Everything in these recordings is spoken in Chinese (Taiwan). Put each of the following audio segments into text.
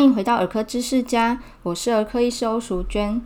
歡迎回到兒科知識家，我是兒科醫師歐淑娟。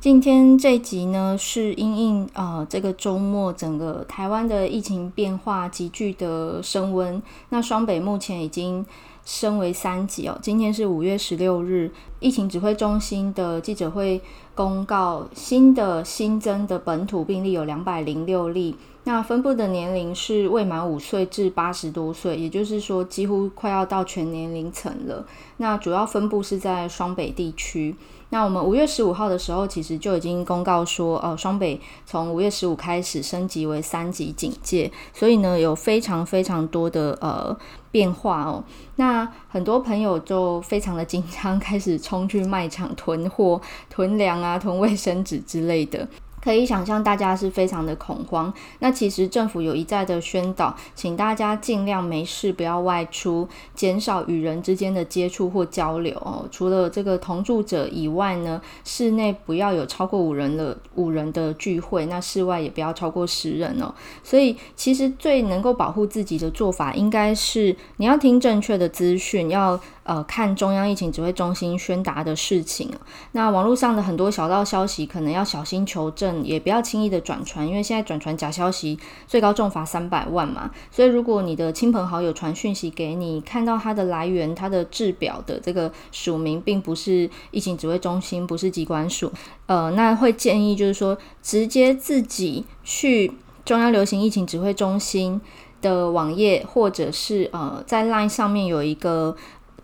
今天這集呢，是因應呃這個周末整個台灣的疫情變化急劇的升溫，那雙北目前已經升為三級哦。今天是五月十六日，疫情指揮中心的記者會公告，新的新增的本土病例有兩百零六例。那分布的年齡是未滿五歲至八十多歲，也就是說幾乎快要到全年齡層了。那主要分布是在雙北地區。那我們五月十五號的時候，其實就已經公告說，呃，雙北從五月十五開始升級為三級警戒，所以呢，有非常非常多的呃變化哦、喔。那很多朋友就非常的緊張，開始衝去賣場囤貨、囤糧啊、囤衛生紙之類的。可以想象大家是非常的恐慌。那其實政府有一再的宣導，請大家盡量沒事不要外出，減少與人之間的接觸或交流哦。除了這個同住者以外呢，室內不要有超過五人的五人的聚會，那室外也不要超過十人哦。所以，其實最能夠保護自己的做法，應該是你要聽正確的資訊，要。呃，看中央疫情指揮中心宣達的事情，那網絡上的很多小道消息可能要小心求證，也不要輕易的轉傳，因為現在轉傳假消息最高重罰三百萬嘛。所以如果你的親朋好友傳訊息給你，看到它的來源、它的制表的這個署名，並不是疫情指揮中心，不是疾管署，呃，那會建議就是說，直接自己去中央流行疫情指揮中心的網頁，或者是呃，在 LINE 上面有一個。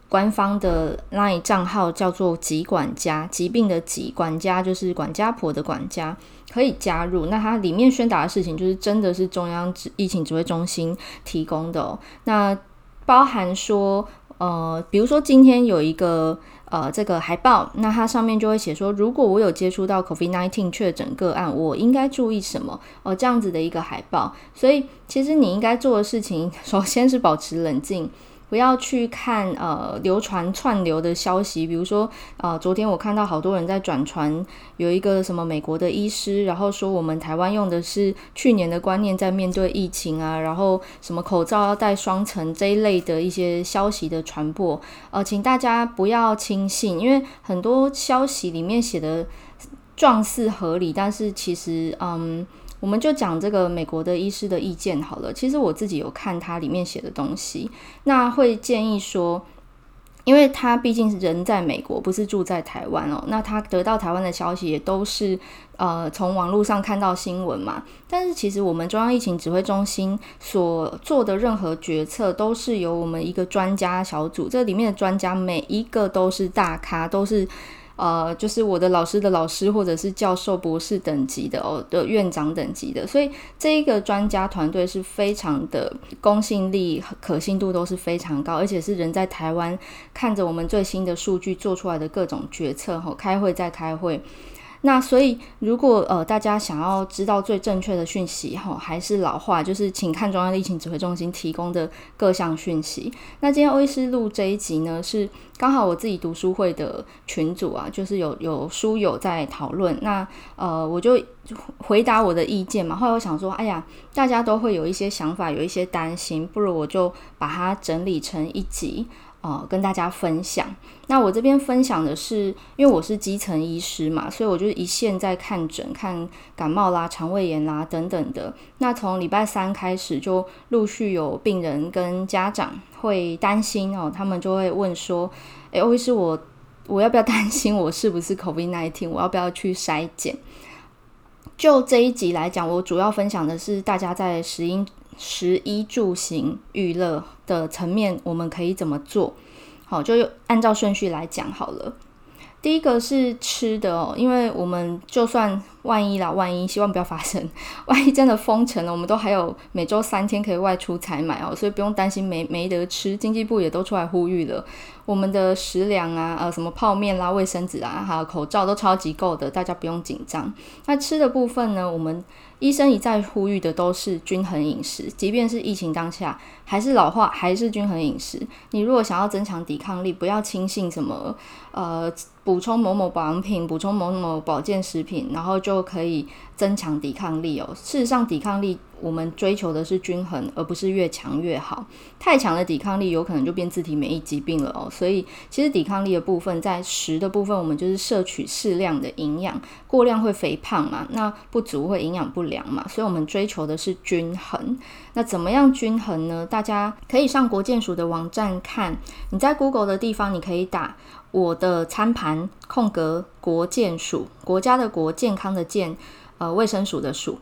官方的 line 賬號叫做“疾管家”，疾病的“疾”管家就是管家婆的管家，可以加入。那它裡面宣導的事情，就是真的是中央指疫情指揮中心提供的，哦。那包含說，呃，比如說今天有一個呃這個海報，那它上面就會寫說，如果我有接觸到 COVID-19 確診個案，我應該注意什麼？哦、呃，這樣子的一個海報。所以，其實你應該做的事情，首先是保持冷靜。不要去看呃流傳串流的消息，比如說呃，昨天我看到好多人在轉傳有一個什麼美國的醫師，然後說我們台灣用的是去年的觀念在面對疫情啊，然後什麼口罩要戴雙層這一類的一些消息的傳播，呃，請大家不要輕信，因為很多消息裡面寫的狀似合理，但是其實嗯。我們就講這個美國的醫師的意見好了。其實我自己有看他裡面寫的東西，那會建議說，因為他畢竟是人在美國，不是住在台灣哦。那他得到台灣的消息也都是呃，從網絡上看到新聞嘛。但是其實我們中央疫情指揮中心所做的任何決策，都是由我們一個專家小組，這裡面的專家每一個都是大咖，都是。呃，就是我的老師的老師，或者是教授、博士等級的哦的院長等級的，所以這一個專家團隊是非常的公信力、可信度都是非常高，而且是人在台灣看着我們最新的數據做出來的各種決策，哈、哦，開會再開會。那所以，如果呃大家想要知道最正確的訊息吼、哦、還是老話，就是請看中央疫情指揮中心提供的各項訊息。那今天歐醫師錄這一集呢，是剛好我自己讀書會的群組啊，就是有有書友在討論，那呃我就回答我的意見嘛。後來我想說，哎呀，大家都會有一些想法，有一些擔心，不如我就把它整理成一集。哦，跟大家分享。那我這邊分享的是，因為我是基層醫師嘛，所以我就一線在看診，看感冒啦、腸胃炎啦等等的。那從禮拜三開始，就陸續有病人跟家長會擔心哦，他們就會問說：“誒，歐醫師我，我我要不要擔心？我是不是 COVID-19？我要不要去篩檢？”就這一集來講，我主要分享的是大家在食衣。食衣住行娛樂的層面，我們可以怎麼做好？就按照順序來講好了。第一個是吃的哦，因為我們就算。萬一啦，萬一，希望不要發生。萬一真的封城了，我們都還有每周三天可以外出採買哦、喔，所以不用擔心沒沒得吃。經濟部也都出來呼籲了，我們的食糧啊，呃，什麼泡麵啦、啊、衛生紙啊，還有口罩都超級夠的，大家不用緊張。那吃的部分呢，我們醫生一再呼籲的都是均衡飲食，即便是疫情當下，還是老話，還是均衡飲食。你如果想要增強抵抗力，不要輕信什麼呃補充某某保養品、補充某，某某保健食品，然後就。都可以增強抵抗力哦。事實上，抵抗力我們追求的是均衡，而不是越強越好。太強的抵抗力有可能就變自體免疫疾病了哦。所以，其實抵抗力的部分在食的部分，我們就是攝取適量的營養，過量會肥胖嘛，那不足會營養不良嘛。所以，我們追求的是均衡。那怎麼樣均衡呢？大家可以上國健署的網站看，你在 Google 的地方，你可以打。我的餐盤空格國健署，國家的國，健康的健，呃，衛生署的署，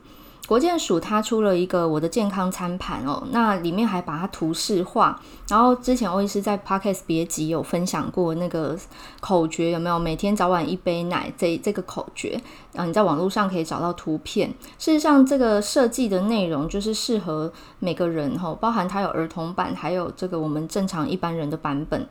國健署。它出了一個我的健康餐盤哦，那裡面還把它圖示化。然後之前我也是在 Pockets 別集有分享過那個口訣有沒有？每天早晚一杯奶這這個口訣，嗯、啊，你在網絡上可以找到圖片。事實上，這個設計的內容就是適合每個人哦，包含它有兒童版，還有這個我們正常一般人的版本。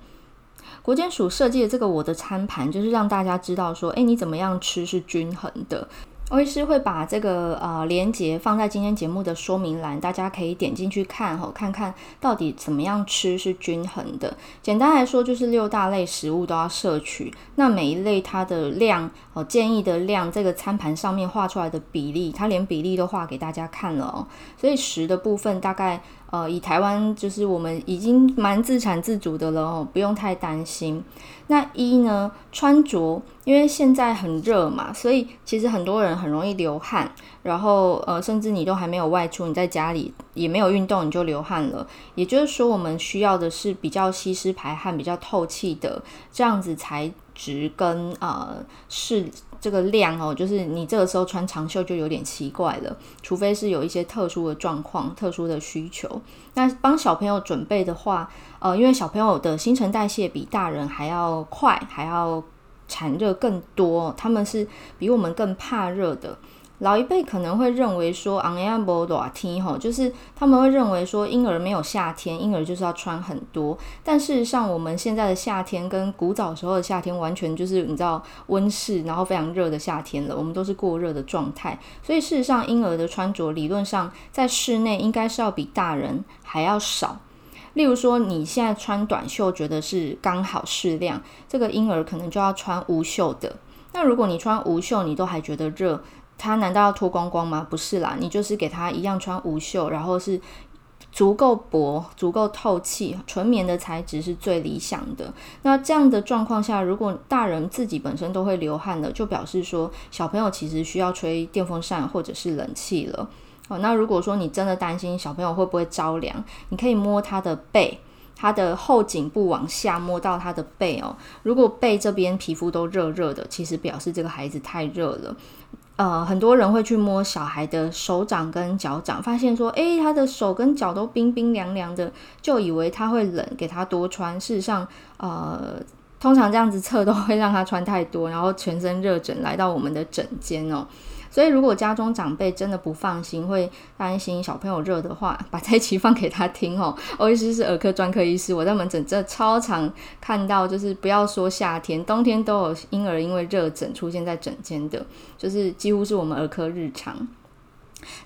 國健署設計的這個我的餐盤，就是讓大家知道說，誒、欸，你怎麼樣吃是均衡的。歐醫師會把這個呃連結，放在今天節目的說明欄，大家可以點進去看吼、喔，看看到底怎麼樣吃是均衡的。簡單來說，就是六大類食物都要攝取，那每一類它的量哦、喔，建議的量，這個餐盤上面畫出來的比例，它連比例都畫給大家看了哦、喔。所以食的部分大概。呃，以台灣就是我們已經蠻自產自足的了哦，不用太擔心。那衣呢穿着，因為現在很熱嘛，所以其實很多人很容易流汗。然後呃，甚至你都還沒有外出，你在家裡也沒有運動，你就流汗了。也就是說，我們需要的是比較吸濕排汗、比較透氣的這樣子材質跟呃適。是這個量哦，就是你這個時候穿長袖就有點奇怪了，除非是有一些特殊的狀況、特殊的需求。那幫小朋友準備的話，呃，因為小朋友的新陳代謝比大人還要快，還要產熱更多，他們是比我們更怕熱的。老一輩可能會認為說，嗯嗯哦，就是他們會認為說嬰兒沒有夏天，嬰兒就是要穿很多。但事實上，我們現在的夏天跟古早時候的夏天完全就是你知道溫室，然後非常熱的夏天了。我們都是過熱的狀態，所以事實上，嬰兒的穿着理論上在室內應該是要比大人還要少。例如說，你現在穿短袖覺得是剛好適量，這個嬰兒可能就要穿無袖的。那如果你穿無袖，你都還覺得熱。他難道要脫光光嗎？不是啦，你就是給他一樣穿無袖，然後是足夠薄、足夠透氣，純棉的材質是最理想的。那這樣的狀況下，如果大人自己本身都會流汗了，就表示說小朋友其實需要吹電風扇或者是冷氣了。哦，那如果說你真的擔心小朋友會不會着涼，你可以摸他的背，他的後頸部往下摸到他的背哦。如果背這邊皮膚都熱熱的，其實表示這個孩子太熱了。呃，很多人會去摸小孩的手掌跟腳掌，發現說，誒，他的手跟腳都冰冰涼涼的，就以為他會冷，給他多穿。事實上，呃，通常這樣子測都會讓他穿太多，然後全身熱疹來到我們的診間哦。所以，如果家中長輩真的不放心，會擔心小朋友熱的話，把這一期放給他聽哦、喔。歐醫師是兒科專科醫師，我在門診真的超常看到，就是不要說夏天，冬天都有嬰兒因為熱疹出現在診間的，就是幾乎是我們兒科日常。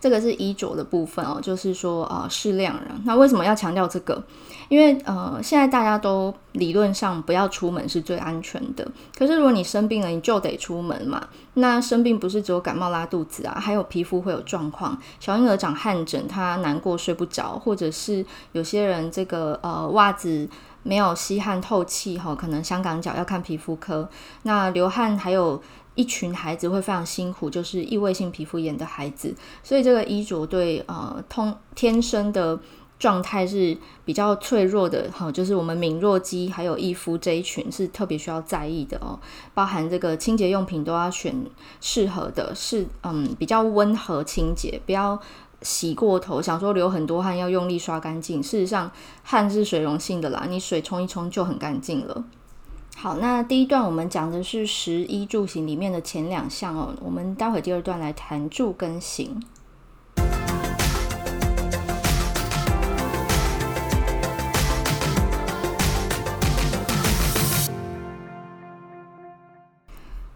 這個是衣着的部分哦，就是說啊，適量人。那為什麼要強調這個？因為呃，現在大家都理論上不要出門是最安全的。可是如果你生病了，你就得出門嘛。那生病不是只有感冒、拉肚子啊，還有皮膚會有狀況。小嬰兒長汗疹，他難過睡不着，或者是有些人這個呃襪子沒有吸汗透氣哈、哦，可能香港腳要看皮膚科。那流汗還有。一群孩子會非常辛苦，就是異位性皮膚炎的孩子，所以這個衣着對呃通天生的狀態是比較脆弱的哈、嗯，就是我們敏弱肌還有易膚這一群是特別需要在意的哦，包含這個清潔用品都要選適合的，是嗯比較溫和清潔，不要洗過頭，想說流很多汗要用力刷乾淨，事實上汗是水溶性的啦，你水沖一沖就很乾淨了。好，那第一段我們講的是食衣住行裡面的前兩項哦，我們待會第二段來談住跟行。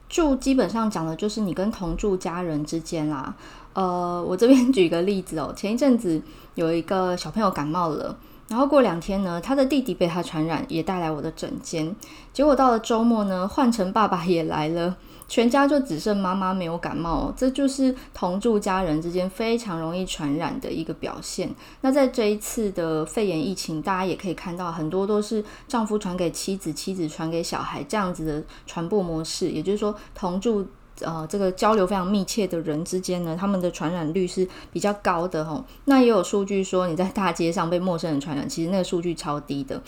住基本上講的就是你跟同住家人之間啦，呃，我這邊舉一個例子哦，前一陣子有一個小朋友感冒了。然後過兩天呢，他的弟弟被他傳染，也帶來我的診間。結果到了周末呢，換成爸爸也來了，全家就只剩媽媽沒有感冒。這就是同住家人之間非常容易傳染的一個表現。那在這一次的肺炎疫情，大家也可以看到，很多都是丈夫傳給妻子，妻子傳給小孩這樣子的傳播模式。也就是說，同住。呃，這個交流非常密切的人之間呢，他們的傳染率是比較高的吼，那也有數據說，你在大街上被陌生人傳染，其實那個數據超低的。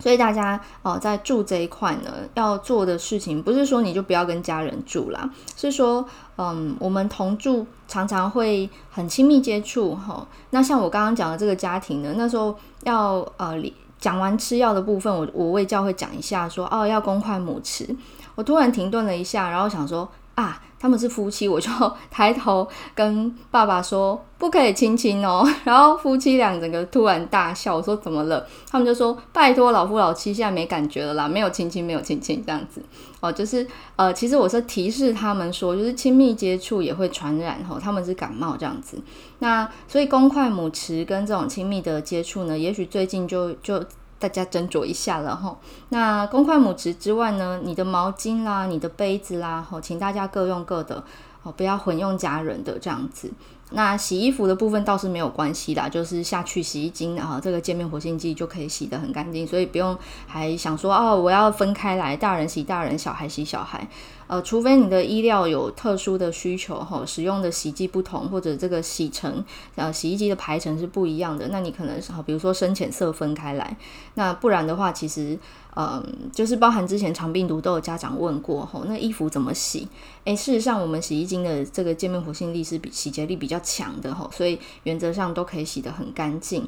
所以大家哦、呃，在住這一塊呢，要做的事情不是說你就不要跟家人住啦，是說嗯，我們同住常常會很親密接觸哈。那像我剛剛講的這個家庭呢，那時候要呃講完吃藥的部分，我我為教會講一下說哦，要公筷母匙。我突然停頓了一下，然後想說啊，他們是夫妻，我就抬頭跟爸爸說不可以親親哦。然後夫妻倆整個突然大笑，我說怎麼了？他們就說拜托老夫老妻現在沒感覺了啦，沒有親親，沒有親親這樣子哦，就是呃，其實我是提示他們說，就是親密接觸也會傳染哦，他們是感冒這樣子。那所以公筷母匙跟這種親密的接觸呢，也許最近就就。大家斟酌一下了哈。那公筷母匙之外呢，你的毛巾啦、你的杯子啦，哈，請大家各用各的哦，不要混用家人的這樣子。那洗衣服的部分倒是沒有關係啦，就是下去洗衣精啊，這個界面活性劑就可以洗得很乾淨，所以不用還想說哦，我要分開來，大人洗大人，小孩洗小孩，呃，除非你的衣料有特殊的需求哈，使用的洗劑不同，或者這個洗程，呃，洗衣機的排程是不一樣的，那你可能是好，比如說深淺色分開來，那不然的話，其實，嗯、呃，就是包含之前腸病毒都有家長問過哈、哦，那衣服怎麼洗？哎，事實上我們洗衣精的這個界面活性力是比洗潔力比較。比較強的哈，所以原則上都可以洗得很乾淨。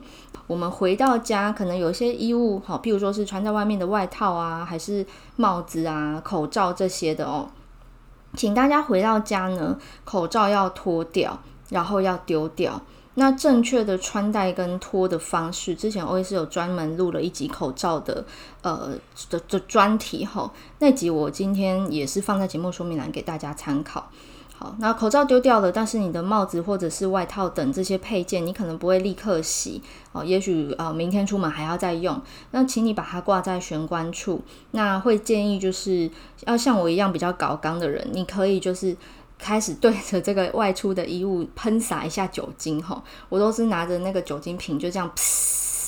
我們回到家可能有些衣物哈，譬如說是穿在外面的外套啊，還是帽子啊、口罩這些的哦、喔。請大家回到家呢，口罩要脫掉，然後要丟掉。那正確的穿戴跟脫的方式，之前我也是有專門錄了一集口罩的呃的的專題哈、喔，那集我今天也是放在節目說明欄給大家參考。好，那口罩丟掉了，但是你的帽子或者是外套等這些配件，你可能不會立刻洗哦，也許啊、呃，明天出門還要再用，那請你把它掛在玄關處。那會建議就是要像我一樣比較搞剛的人，你可以就是開始對着這個外出的衣物噴灑一下酒精吼、哦，我都是拿着那個酒精瓶就這樣。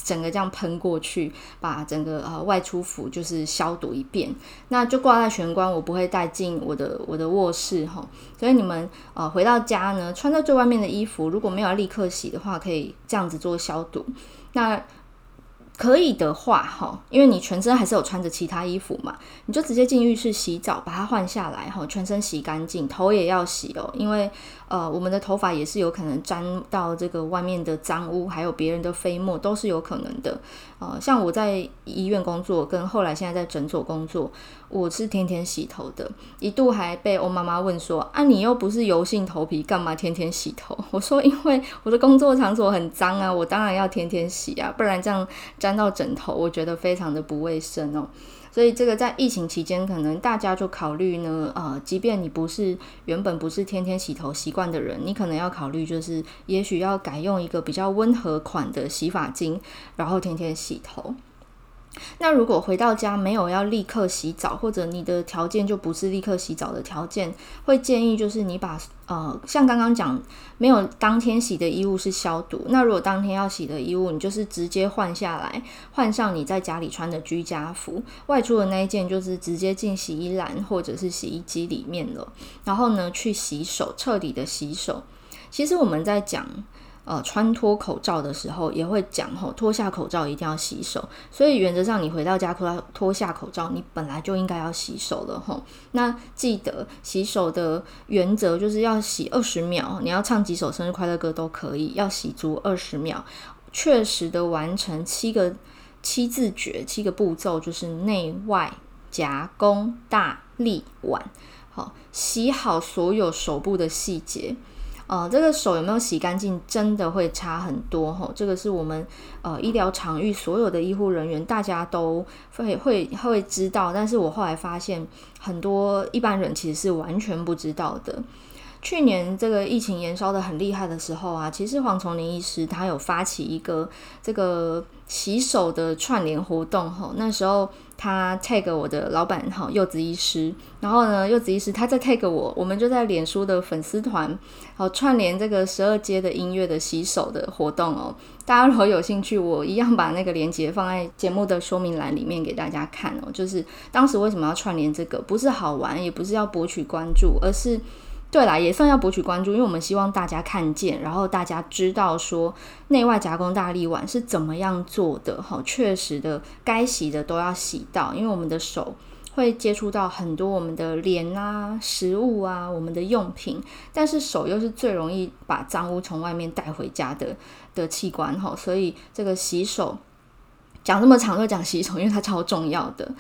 整個這樣噴過去，把整個呃外出服就是消毒一遍，那就掛在玄關，我不會帶進我的我的臥室哈。所以你們呃回到家呢，穿在最外面的衣服，如果沒有要立刻洗的話，可以這樣子做消毒。那可以的話哈，因為你全身還是有穿着其他衣服嘛，你就直接進浴室洗澡，把它換下來哈，全身洗乾淨，頭也要洗哦，因為。呃，我們的頭髮也是有可能沾到這個外面的髒污，還有別人的飛沫，都是有可能的。呃，像我在醫院工作，跟後來現在在診所工作，我是天天洗頭的。一度還被我媽媽問說：“啊，你又不是油性頭皮，幹嘛天天洗頭？”我說：“因為我的工作場所很髒啊，我當然要天天洗啊，不然這樣沾到枕頭，我覺得非常的不衛生哦。”所以這個在疫情期間，可能大家就考慮呢，呃，即便你不是原本不是天天洗頭習慣的人，你可能要考慮，就是也許要改用一個比較溫和款的洗髮精，然後天天洗頭。那如果回到家沒有要立刻洗澡，或者你的條件就不是立刻洗澡的條件，會建議就是你把呃，像剛剛講沒有當天洗的衣物是消毒。那如果當天要洗的衣物，你就是直接換下來，換上你在家裡穿的居家服，外出的那一件就是直接進洗衣籃或者是洗衣機裡面了。然後呢，去洗手，徹底的洗手。其實我們在講。呃，穿脫口罩的時候也會講吼，脫下口罩一定要洗手。所以原則上，你回到家脫脫下口罩，你本來就應該要洗手了吼。那記得洗手的原則就是要洗二十秒，你要唱幾首生日快樂歌都可以，要洗足二十秒，確實的完成七個七字訣，七個步驟就是內外夾弓大立腕，好，洗好所有手部的細節。呃，這個手有沒有洗乾淨，真的會差很多齁、哦。這個是我們呃醫療場域所有的醫護人員，大家都會會會知道。但是我後來發現，很多一般人其實是完全不知道的。去年這個疫情延燒的很厲害的時候啊，其實黃瑽寧醫師他有發起一個這個洗手的串聯活動吼，那時候他 tag 我的老板哈柚子醫師，然後呢柚子醫師他在 tag 我，我們就在臉書的粉絲團好串聯這個十二街的音樂的洗手的活動哦。大家如果有興趣，我一樣把那個鏈接放在節目的說明欄裡面給大家看哦。就是當時為什麼要串聯這個，不是好玩，也不是要博取關注，而是。對啦，也算要博取關注，因為我們希望大家看見，然後大家知道說，內外夾弓大力腕是怎麼樣做的。哈、哦，確實的，該洗的都要洗到，因為我們的手會接觸到很多我們的臉啊、食物啊、我們的用品，但是手又是最容易把髒污從外面帶回家的的器官。哈、哦，所以這個洗手講這麼長都講洗手，因為它超重要的。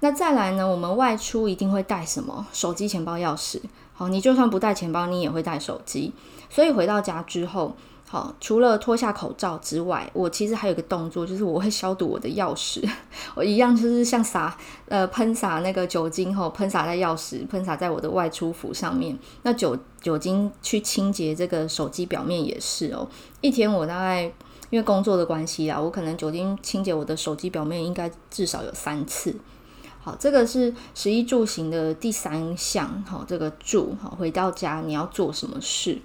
那再來呢？我們外出一定會帶什麼？手機、錢包、鑰匙。好，你就算不帶錢包，你也會帶手機。所以回到家之後，好，除了脫下口罩之外，我其實還有一個動作，就是我會消毒我的鑰匙。我一樣就是像灑呃噴灑那個酒精，後噴灑在鑰匙，噴灑在我的外出服上面。那酒酒精去清潔這個手機表面也是哦、喔。一天我大概因為工作的關係啊，我可能酒精清潔我的手機表面應該至少有三次。好，這個是食衣住行的第三項。好、哦，這個住、哦，回到家你要做什麼事？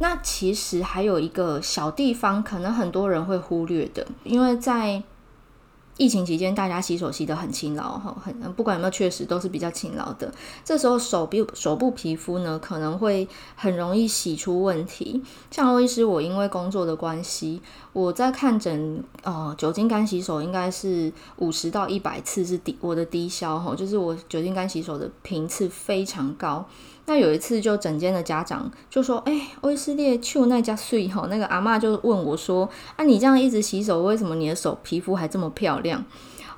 那其實還有一個小地方，可能很多人會忽略的，因為在疫情期間，大家洗手洗得很勤勞，哈、哦，很不管有沒有確實都是比較勤勞的。這時候手皮、手部皮膚呢，可能會很容易洗出問題。像歐醫師，我因為工作的關係。我在看診，呃、哦，酒精乾洗手應該是五十到一百次是低，我的低消哈、哦，就是我酒精乾洗手的頻次非常高。那有一次就診間的家長就說，哎，威士列丘那家睡哈、哦，那個阿嬤就問我說，啊，你這樣一直洗手，為什麼你的手皮膚還這麼漂亮？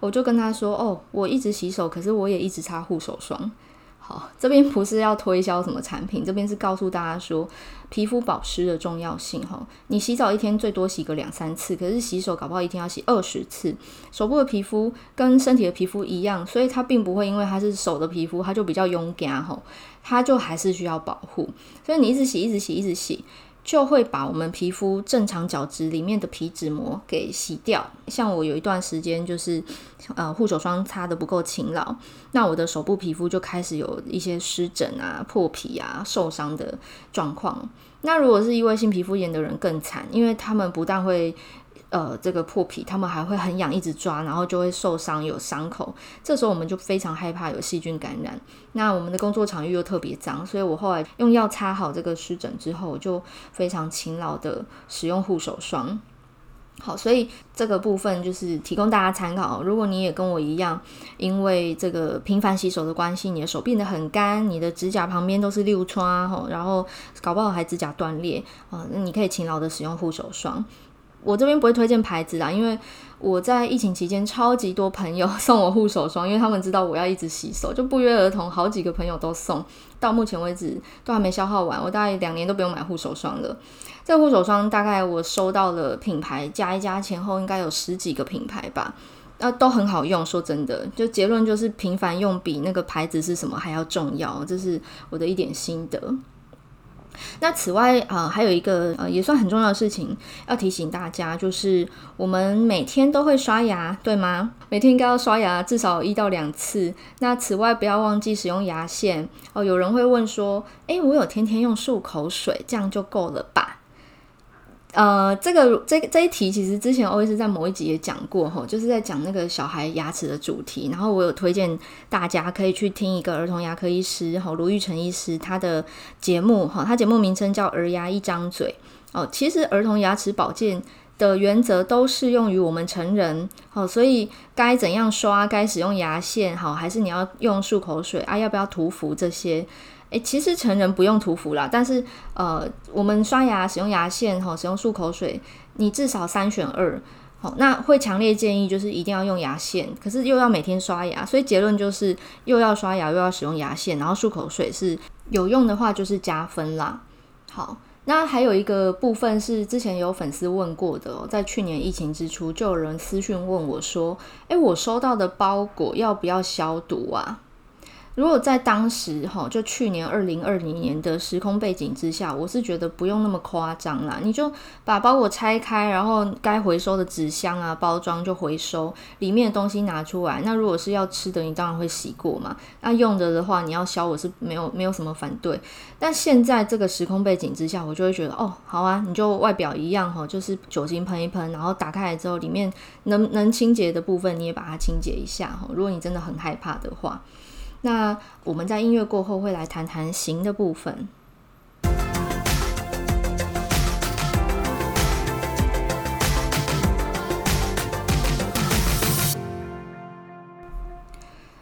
我就跟他說，哦，我一直洗手，可是我也一直擦護手霜。這邊不是要推銷什麼產品，這邊是告訴大家說皮膚保濕的重要性。哈，你洗澡一天最多洗個兩三次，可是洗手搞不好一天要洗二十次。手部的皮膚跟身體的皮膚一樣，所以它並不會因為它是手的皮膚，它就比較勇敢，吼，它就還是需要保護。所以你一直洗，一直洗，一直洗。就會把我們皮膚正常角質裡面的皮脂膜給洗掉。像我有一段時間就是，呃，護手霜擦得不夠勤勞，那我的手部皮膚就開始有一些濕疹啊、破皮啊、受傷的狀況。那如果是異位性皮膚炎的人更慘，因為他們不但會。呃，這個破皮，他們還會很癢，一直抓，然後就會受傷，有傷口。這時候我們就非常害怕有細菌感染。那我們的工作場域又特別髒，所以我後來用藥擦好這個濕疹之後，我就非常勤勞的使用護手霜。好，所以這個部分就是提供大家參考。如果你也跟我一樣，因為這個頻繁洗手的關係，你的手變得很乾，你的指甲旁邊都是六瘡，然後搞不好還指甲斷裂，嗯，你可以勤勞的使用護手霜。我這邊不會推薦牌子啦，因為我在疫情期間超級多朋友 送我護手霜，因為他們知道我要一直洗手，就不約而同，好幾個朋友都送，到目前為止都還沒消耗完，我大概兩年都不用買護手霜了。這個護手霜大概我收到了品牌加一加前後應該有十幾個品牌吧，呃、啊，都很好用。說真的，就結論就是頻繁用比那個牌子是什麼還要重要，這是我的一點心得。那此外，呃，還有一個，呃，也算很重要的事情要提醒大家，就是我們每天都會刷牙，對嗎？每天應該要刷牙至少一到兩次。那此外，不要忘記使用牙線。哦，有人會問說，誒，我有天天用漱口水，這樣就夠了吧？呃，這個這這一題其實之前歐醫師在某一集也講過、哦、就是在講那個小孩牙齒的主題，然後我有推薦大家可以去聽一個兒童牙科醫師哈盧、哦、玉成醫師他的節目、哦、他節目名稱叫兒牙一張嘴哦。其實兒童牙齒保健的原則都適用於我們成人好、哦，所以該怎樣刷，該使用牙線好、哦，還是你要用漱口水啊？要不要塗氟這些？欸、其實成人不用塗氟啦，但是呃，我們刷牙、使用牙線、哈、喔、使用漱口水，你至少三選二。好、喔，那會強烈建議就是一定要用牙線，可是又要每天刷牙，所以結論就是又要刷牙，又要使用牙線，然後漱口水是有用的話就是加分啦。好，那還有一個部分是之前有粉絲問過的、喔，在去年疫情之初就有人私訊問我說、欸：“我收到的包裹要不要消毒啊？”如果在當時哈，就去年二零二零年的時空背景之下，我是覺得不用那麼誇張啦。你就把包裹拆開，然後該回收的紙箱啊、包裝就回收，裡面的東西拿出來。那如果是要吃的，你當然會洗過嘛。那用着的的話，你要消，我是沒有沒有什麼反對。但現在這個時空背景之下，我就會覺得哦，好啊，你就外表一樣哈，就是酒精噴一噴，然後打開來之後，裡面能能清潔的部分你也把它清潔一下哈。如果你真的很害怕的話。那我們在音樂過後會來談談行的部分。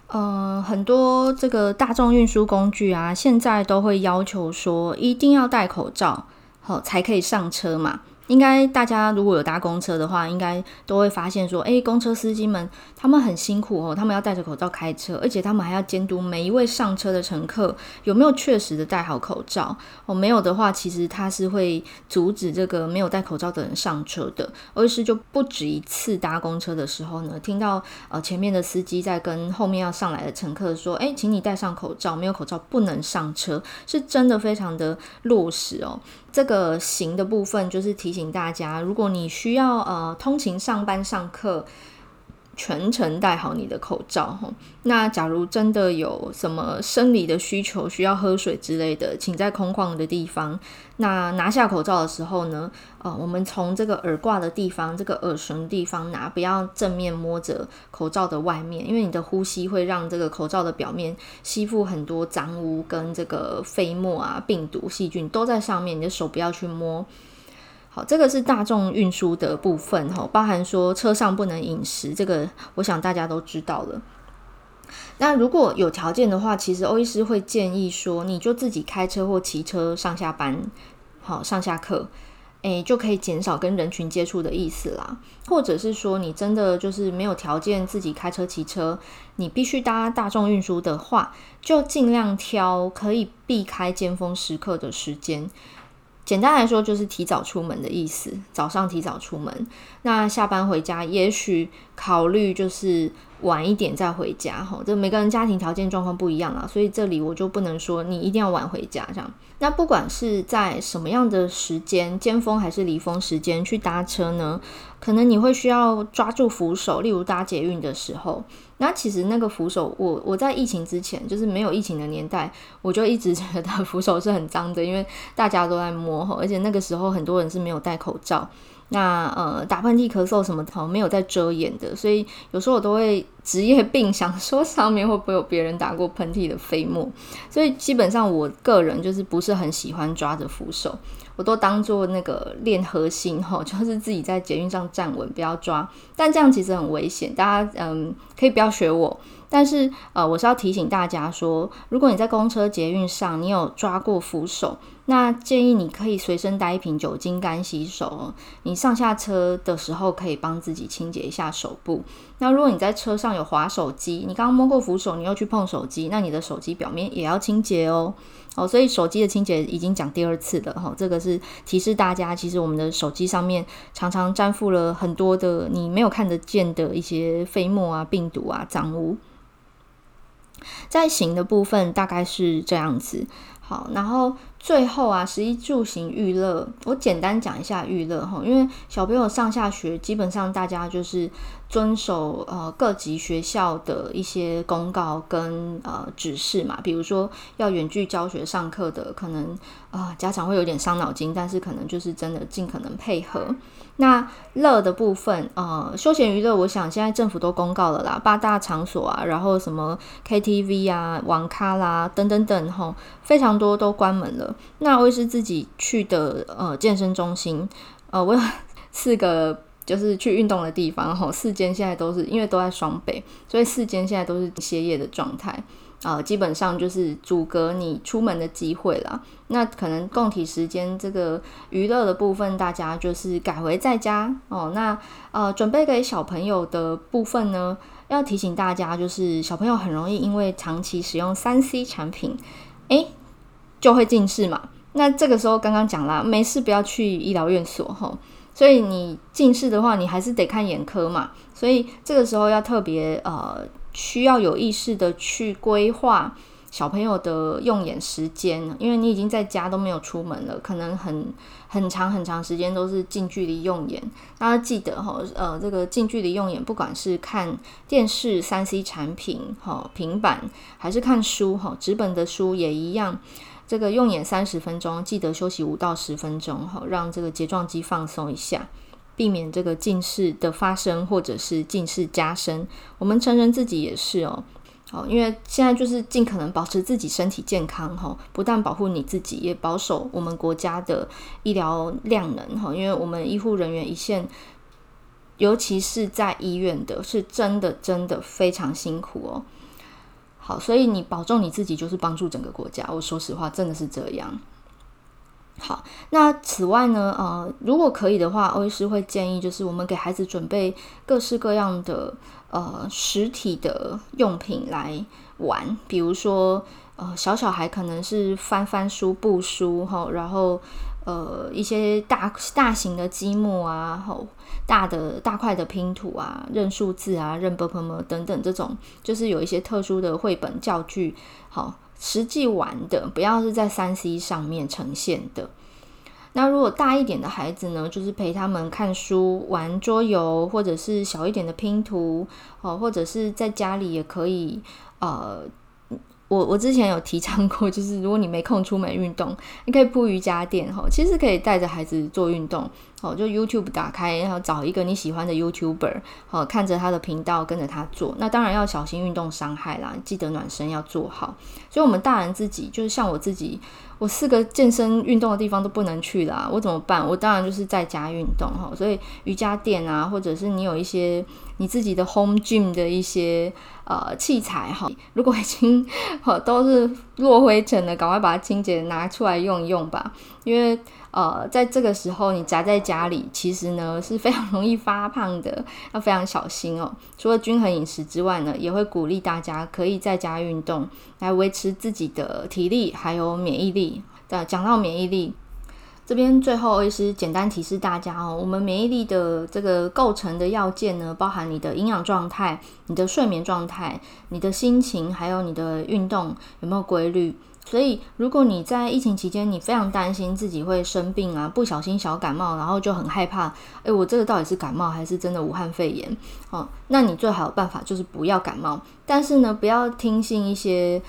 呃，嗯，很多這個大眾運輸工具啊，現在都會要求說一定要戴口罩，好，哦，才可以上車嘛。應該大家如果有搭公車的話，應該都會發現說，誒，公車司機們他們很辛苦哦，他們要戴着口罩開車，而且他們還要監督每一位上車的乘客有沒有確實的戴好口罩哦。沒有的話，其實他是會阻止這個沒有戴口罩的人上車的。而是就不止一次搭公車的時候呢，聽到呃前面的司機在跟後面要上來的乘客說，誒，請你戴上口罩，沒有口罩不能上車，是真的非常的落實哦。這個行的部分，就是提醒大家，如果你需要呃通勤上班、上課，全程戴好你的口罩。那假如真的有什麼生理的需求需要喝水之類的，請在空曠的地方。那拿下口罩的時候呢，呃，我們從這個耳掛的地方、這個耳繩的地方拿，不要正面摸着口罩的外面，因為你的呼吸會讓這個口罩的表面吸附很多髒污跟這個飛沫啊、病毒、細菌都在上面，你的手不要去摸。這個是大眾運輸的部分，包含說車上不能飲食，這個我想大家都知道了。那如果有條件的話，其實歐醫師會建議說，你就自己開車或騎車上下班，好上下課，誒、欸，就可以減少跟人群接觸的意思啦。或者是說，你真的就是沒有條件自己開車騎車，你必須搭大眾運輸的話，就盡量挑可以避開尖峰時刻的時間。簡單來說，就是提早出門的意思。早上提早出門，那下班回家也許考慮就是。晚一點再回家哈，這每個人家庭條件狀況不一樣啊，所以這裡我就不能說你一定要晚回家這樣。那不管是在什麼樣的時間，尖峰還是離峰時間去搭車呢，可能你會需要抓住扶手，例如搭捷運的時候。那其實那個扶手，我我在疫情之前，就是沒有疫情的年代，我就一直覺得扶手是很髒的，因為大家都在摸哈，而且那個時候很多人是沒有戴口罩。那呃，打噴嚏、咳嗽什麼的，吼，沒有在遮掩的，所以有時候我都會職業病，想說上面會不會有別人打過噴嚏的飛沫，所以基本上我個人就是不是很喜歡抓着扶手，我都當做那個練核心，吼，就是自己在捷運上站穩，不要抓。但這樣其實很危險，大家嗯、呃，可以不要學我。但是呃，我是要提醒大家說，如果你在公車、捷運上，你有抓過扶手。那建議你可以隨身帶一瓶酒精乾洗手，你上下車的時候可以幫自己清潔一下手部。那如果你在車上有滑手機，你剛剛摸過扶手，你又去碰手機，那你的手機表面也要清潔哦。哦，所以手機的清潔已經講第二次的哈、哦，這個是提示大家，其實我們的手機上面常常沾附了很多的你沒有看得見的一些飛沫啊、病毒啊、髒污。在行的部分大概是這樣子。好，然後最後啊，食衣住行育樂，我簡單講一下育樂哈，因為小朋友上下學，基本上大家就是遵守呃各級學校的一些公告跟呃指示嘛，比如說要遠距教學上課的，可能啊、呃、家長會有點傷腦筋，但是可能就是真的盡可能配合。那樂的部分，呃，休閒娛樂，我想現在政府都公告了啦，八大場所啊，然後什麼 KTV 啊、網咖啦等等等，吼，非常多都關門了。那我也是自己去的，呃，健身中心，呃，我有四個就是去運動的地方，吼，四間現在都是因為都在雙北，所以四間現在都是歇業的狀態。啊、呃，基本上就是阻隔你出門的機會了。那可能共體時艱這個娛樂的部分，大家就是改回在家哦。那呃，準備給小朋友的部分呢，要提醒大家，就是小朋友很容易因為長期使用三 C 產品，誒，就會近視嘛。那這個時候剛剛講啦，沒事不要去醫療院所吼。所以你近視的話，你還是得看眼科嘛。所以這個時候要特別呃。需要有意識的去規劃小朋友的用眼時間，因為你已經在家都沒有出門了，可能很很長很長時間都是近距離用眼。大家記得哈，呃，這個近距離用眼，不管是看電視、三 C 產品、哈平板，還是看書、哈紙本的書也一樣，這個用眼三十分鐘，記得休息五到十分鐘，哈，讓這個睫狀肌放鬆一下。避免這個近視的發生或者是近視加深，我們成人自己也是哦，好，因為現在就是盡可能保持自己身體健康，不但保護你自己，也保守我們國家的醫療量能哈。因為我們醫護人員一線，尤其是在醫院的，是真的真的非常辛苦哦。好，所以你保重你自己，就是幫助整個國家。我說實話，真的是這樣。好，那此外呢，呃，如果可以的話，歐醫師會建議，就是我們給孩子準備各式各樣的呃實體的用品來玩，比如說呃，小小孩可能是翻翻書，書、布書哈，然後呃一些大大型的積木啊，哈、哦，大的大塊的拼圖啊，認數字啊，認 ㄅㄆㄇ 等等這種，就是有一些特殊的繪本教具，好、哦。實際玩的，不要是在三 C 上面呈現的。那如果大一點的孩子呢，就是陪他們看書、玩桌遊，或者是小一點的拼圖，哦，或者是在家裡也可以。呃，我我之前有提倡過，就是如果你沒空出門運動，你可以鋪瑜伽墊，哈、哦，其實可以帶着孩子做運動。好，就 YouTube 打開，然後找一個你喜歡的 YouTuber，好，看著他的頻道，跟着他做。那當然要小心運動傷害啦，記得暖身要做好。所以，我們大人自己就是像我自己，我四個健身運動的地方都不能去啦。我怎麼辦？我當然就是在家運動哈。所以，瑜伽墊啊，或者是你有一些你自己的 Home Gym 的一些呃器材哈，如果已經好，都是落灰塵了，趕快把它清潔拿出來用一用吧，因為。呃，在這個時候，你宅在家裡，其實呢是非常容易發胖的，要非常小心哦。除了均衡飲食之外呢，也會鼓勵大家可以在家運動，來維持自己的體力還有免疫力。講到免疫力，這邊最後也是簡單提示大家哦，我們免疫力的這個構成的要件呢，包含你的營養狀態、你的睡眠狀態、你的心情，還有你的運動有沒有規律。所以，如果你在疫情期間，你非常擔心自己會生病啊，不小心小感冒，然後就很害怕。誒、欸，我這個到底是感冒還是真的武漢肺炎？哦，那你最好的辦法就是不要感冒。但是呢，不要聽信一些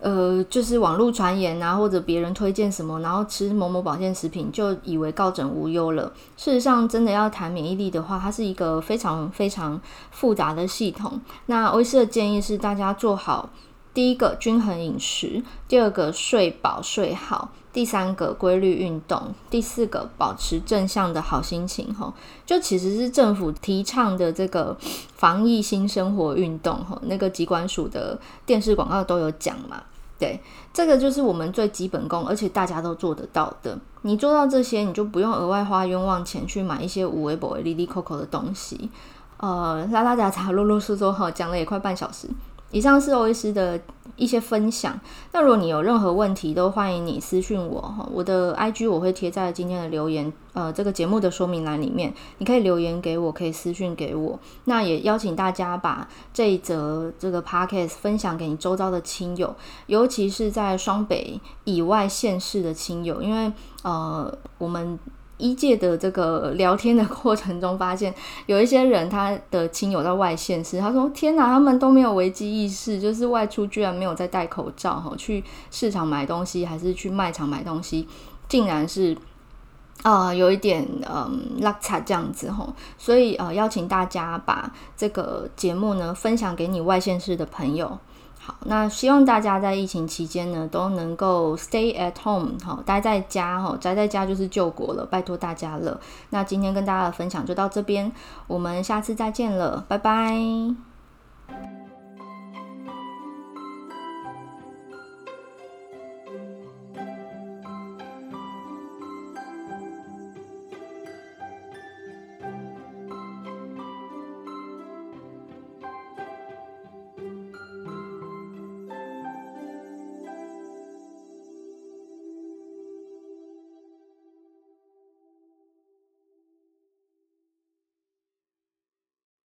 呃，就是網絡傳言啊，或者別人推薦什麼，然後吃某某保健食品，就以為高枕無憂了。事實上，真的要談免疫力的話，它是一個非常非常複雜的系統。那歐醫師的建議是，大家做好。第一個均衡飲食，第二個睡飽睡好，第三個規律運動，第四個保持正向的好心情。哈，就其實是政府提倡的這個防疫新生活運動。哈，那個疾管署的電視廣告都有講嘛。對，這個就是我們最基本功，而且大家都做得到的。你做到這些，你就不用額外花冤枉錢去買一些的無博薄、利利扣扣的東西。呃，拉拉雜雜、囉囉嗦嗦，哈，講了也快半小時。以上是歐醫師的一些分享。那如果你有任何問題，都歡迎你私信我。我的 IG 我會貼在今天的留言，呃，這個節目的說明欄裡面，你可以留言給我，可以私信給我。那也邀請大家把這一則這個 podcast 分享給你周遭的親友，尤其是在雙北以外縣市的親友，因為呃我們，一屆的這個聊天的過程中，發現有一些人，他的親友在外縣市，他說：“天哪、啊，他們都沒有危機意識，就是外出居然沒有在戴口罩，去市場買東西還是去賣場買東西，竟然是，呃，有一點嗯、呃、落差這樣子，吼，所以呃，邀請大家把這個節目呢分享給你外縣市的朋友。”好，那希望大家在疫情期間呢都能夠 stay at home 哈，待在家哈，宅在家就是救國了，拜托大家了。那今天跟大家的分享就到這邊，我們下次再見了，拜拜。